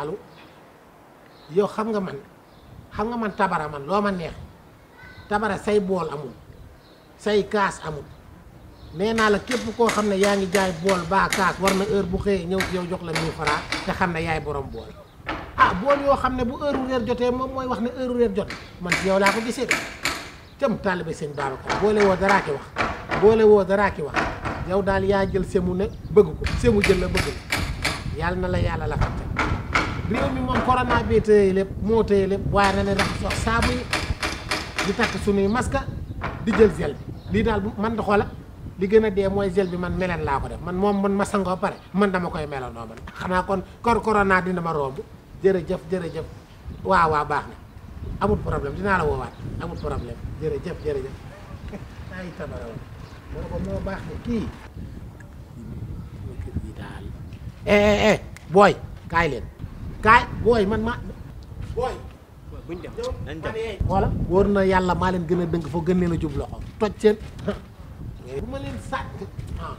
allo yow xam nga man xam nga man tabara man loo ma neex tabara say bool amul say kaas amul nee naa la képp koo xam ne yaa ngi jaay bool baa kaas war na heure bu xëyee ñëw ci yow jox la 1000 francs te xam ne yaay boroom bool ah bool yoo xam ne bu heure reer jotee moom mooy wax ne heure reer jot man ci yow laa ko gisee cëm taalibe sëñ Babacar boole woo daraa ki wax boole woo daraa ki wax yow daal yaa jël semu ne bëgg ko semu jël la bëgg la yàlla na la yàlla la réew mi moom corona bi téye lépp moo téye lépp waaye na ne raxas wax saabu yi di takk suñuy masque di jël gel bi lii daal man da li gën a dee mooy gel bi man meleen laa ko def man moom man ma sangoo pare man dama koy melanoo man xanaa kon kor corona dina booy kaay leen kaay booy man ma booy. buñ dem nañ dem wala wóor na yàlla maa leen gën a dënk foo gën leen a jub loxo toj seen. bu ma leen sàcc ah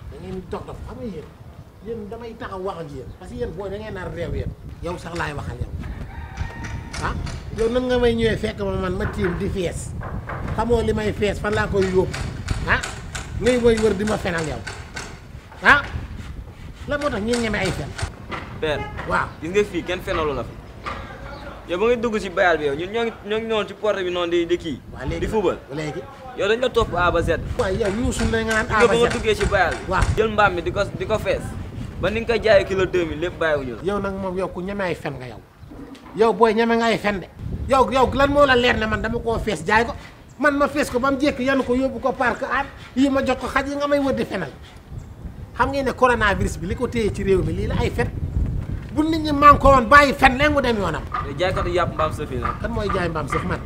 dox dox xam nga yéen damay taxaw wax ak yéen parce que yéen booy da ngeen nar réew yéen. sax laay waxal yow ah, yow nan nga may ñëwee fekk ma man ma tiim di fees xamoo li may fees fan laa koy yóbbu ah ngay woy wër di ma fenal yow ah moo tax ñun ñeme ay fen. père waaw gis nga fii kenn fenalu la fi yow ba nga dugg si bayal bi yow ñun ñoo ngi ñoo ngi noonu ci porte bi di di kii di fubal léegi yow dañ la topp A ba Z waaw yow ñuusul na nga naan A ba Z ba nga duggee si bayal bi waaw jël mbaam mi di ko di ko fees ba ni nga koy kilo 2000 lépp bàyyiwuñu la yow nag moom yow ku ñeme ay fen nga yow yow boy ñeme nga ay fen de yow yow lan mo la leer ne man dama koo fees jaay ko man ma fees ko bam jek jékki yan ko yóbbu ko parc aar yi ma jot ko xaj nga may wër fenal xam ngeen ne coronavirus bi ko ci réew mi la ay fen bu nit ñi man ko woon bàyyi fen lengu mu dem yoonam jaay yàpp mbaam mbam sefi nag kan moy jaay mbam sef man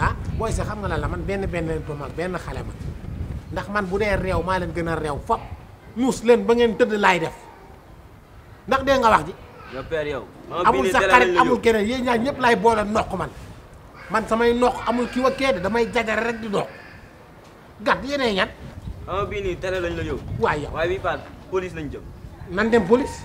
ha ah, boy sa xam nga la man ben ben leen ko mak ben xale ma ndax man bu de rew ma leen gëna rew fop nous leen ba ngeen teud lay def ndax de nga wax ji yo père yow amul sa xare amul keneen ye ñaan ñep lay boole noq man man samay nok amul ki wa kee de damay jajare rek di dox gat yene ñan xam bi ni nii lañ la yow waaye yow waaye bii paat police lañ jëm man dem police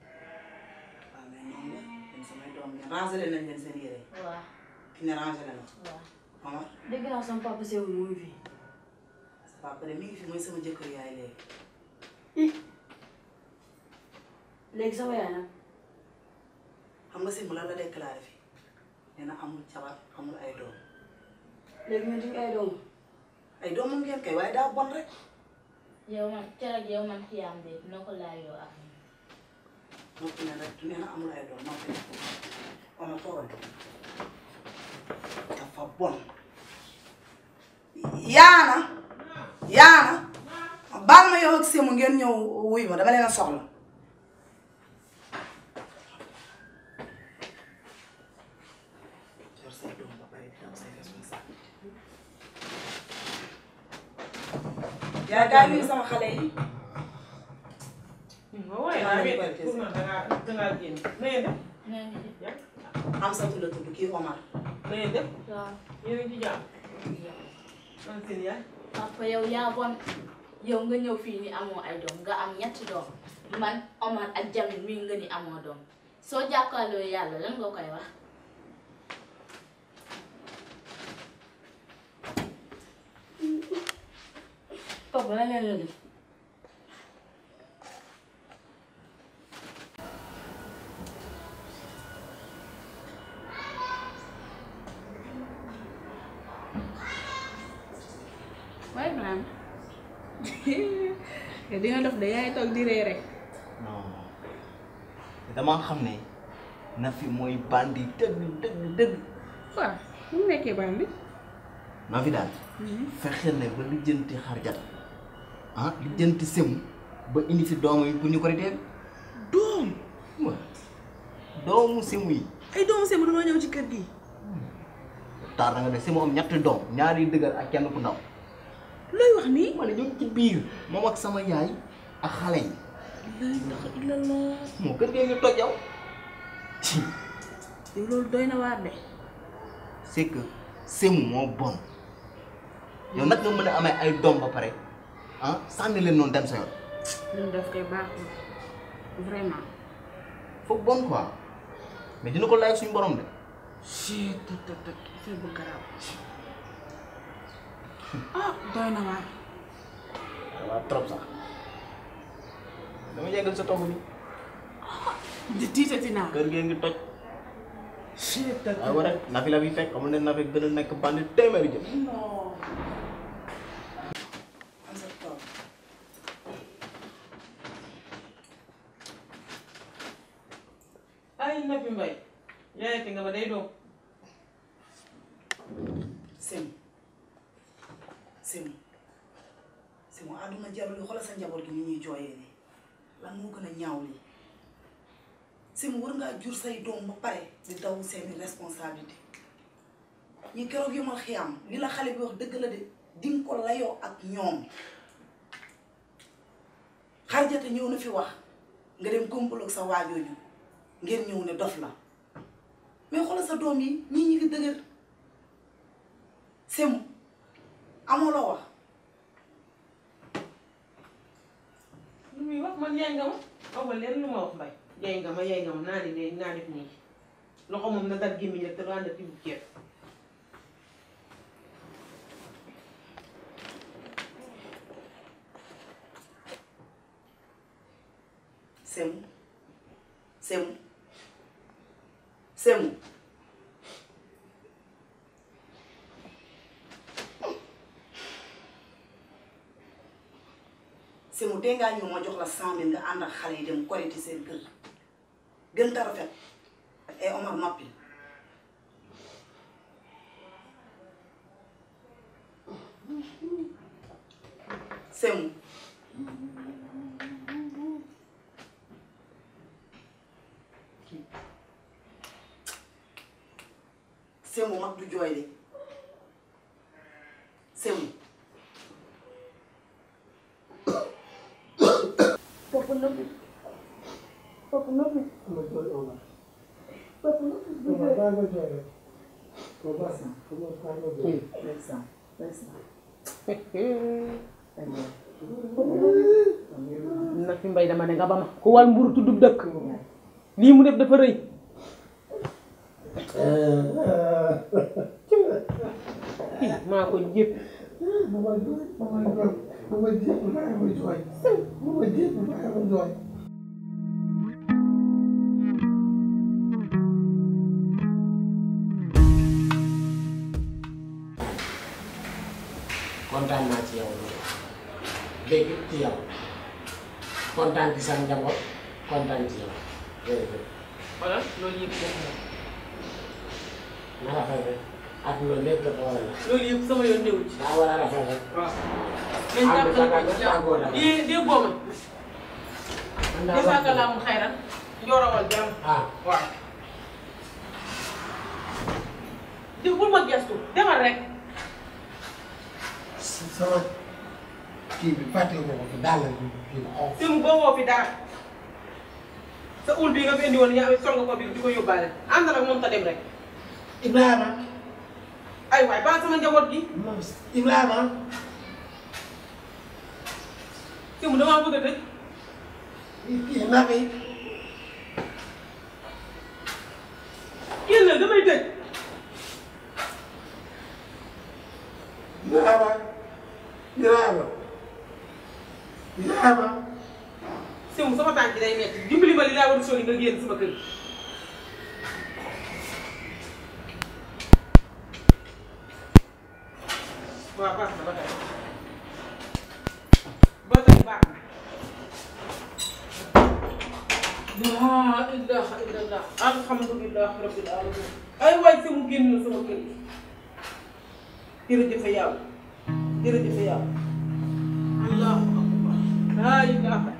ne ñoom la ñoom samay doom ngeen rangé nañ leen seen yére. waaw ki ne rangé na. waaw Omar. dégg naa sama papa Seydou mu ngi fi. sa papa de mi ngi fi mooy sama jëkkër yaay léegi. léegi sama yaay nag. xam nga Simba la déclaré fi na amul jabar amul ay doom. léegi ñun duñu ay doom. ay doomam ngeen kay waaye daa bon rek. yow man cere yow man kii am de noo ko noppi na yaana yaana baal ma yow ak ngeen ñëw wuy ma dama leen a soxla am sant la tudd kii Omar. na ngeen def. waaw yéen a ngi ci jàmm. man seen yaay. papa yow yaa bon yow nga ñëw fii ni amoo ay doom nga am ñetti doom man Omar ak Jamil mii nga ni amoo doom soo jàkkaarloo yàlla lan nga koy wax. papa lan la def. Wagner. Jadi ngadok daya itu direrek. No. Kita maham nih. Nafi moy bandi deug deug deug. Wah, mu nekké bandi? Nafi dal. Hmm. Fexé né ba lijeenti xarjat. Ah, lijeenti sem ba indi fi doom yi bu ñu ko rété. Doom. Wah. Doomu sem yi. Ay eh, doomu sem dañu ñëw ci kër gi. Hmm. Tar nga dé sem am ñatt doom, ñaari deugal ak kenn ku lay wax ni mané ne ci biir mom ak sama yaay ak xalé yi. mo ilaha illallah. kër gee ñu toj yow. yow lool doyna war dé de. c'est que c'est mo bon yow nak nga mëna amé ay dom ba paré ah sanni leen non dem sa yoon. ñun daf kay baax vraiment. fo bon quoi mais dina ko lay suñu borom de. si tët tët tët bu grave ah doy na waay. waaw trop sax dama yeggal sa togg bi. di tiitati naa. kër gee ngi toj. waaw rek nafi la bi fekk amul ne nafi gën a nekk bandi téeméeri jëm. non. ay Nafi Mbaye yaayati nga ba day doom. njaboot gi xoolal sa njaboot gi ni ñuy jooyee nii lan moo gën a ñaaw lii si mu war ngaa jur say doom ba pare di daw seeni responsabilité ñi keroog yomal xiyam li la xale bi wax dëgg la de di nga ko layoo ak ñoom xarjate ñëw na fi wax nga dem kompaloog sa waajooju ngeen ñëw ne dof la mais xoolal sa doom yi ñii ñi ngi dëgër semu amoo loo wax muy wax man yaay nga ma aw ba leen lu ma wax mbay yaay nga ma yaay nga ma naa ne ne naa def nii loxo moom na dal gémmiñ rek te doo ànd ak tibu ceeb semu semu semu yow dee ngaa ñëw jox la cent nga ànd ak xale dem ta rafet eh, Omar mag du de Papa noppi Papa ma jooy Omar. Papa noppi bi mbay dama ne ba ma ku wal mburu lii mu def dafa maa ko jépp. không phải giết mai hồi rồi không phải giết mai hồi rồi con đang là chiều về cái chiều con đang thì sang trong góc con đang chiều về rồi nó nhịp nó là phải ăn luôn lên tập rồi nó nhịp xong rồi nó điều cháo dañ jàppale ko ci yow di di booma di sàkka laamu xayran njoorawal jàmm ah. waaw di bul ma bi fàtte ko ko fi daal mu booboo fi sa ul bi nga fi indi woon yaa sol nga ko bi di ko yóbbaale ànd nag moom ta dem rek Ibrahima ay waay ba sama njaboot gi moom Ibrahima Thioub damaa bëgg a dëj. kii naka yi. génn damay dëj. dinaa ba dinaa ba dinaa ba. Thioub sama tànk day métti dimbali ma li laa war a sori nga génn sama kër waaw baax na ba tey ba tey baax na laa ilaha illallah alhamdulilah rabbil alamin ay waay sama génn na sama kër gi jërëjëf yàlla jërëjëf yàlla allahu akbar laa ilaha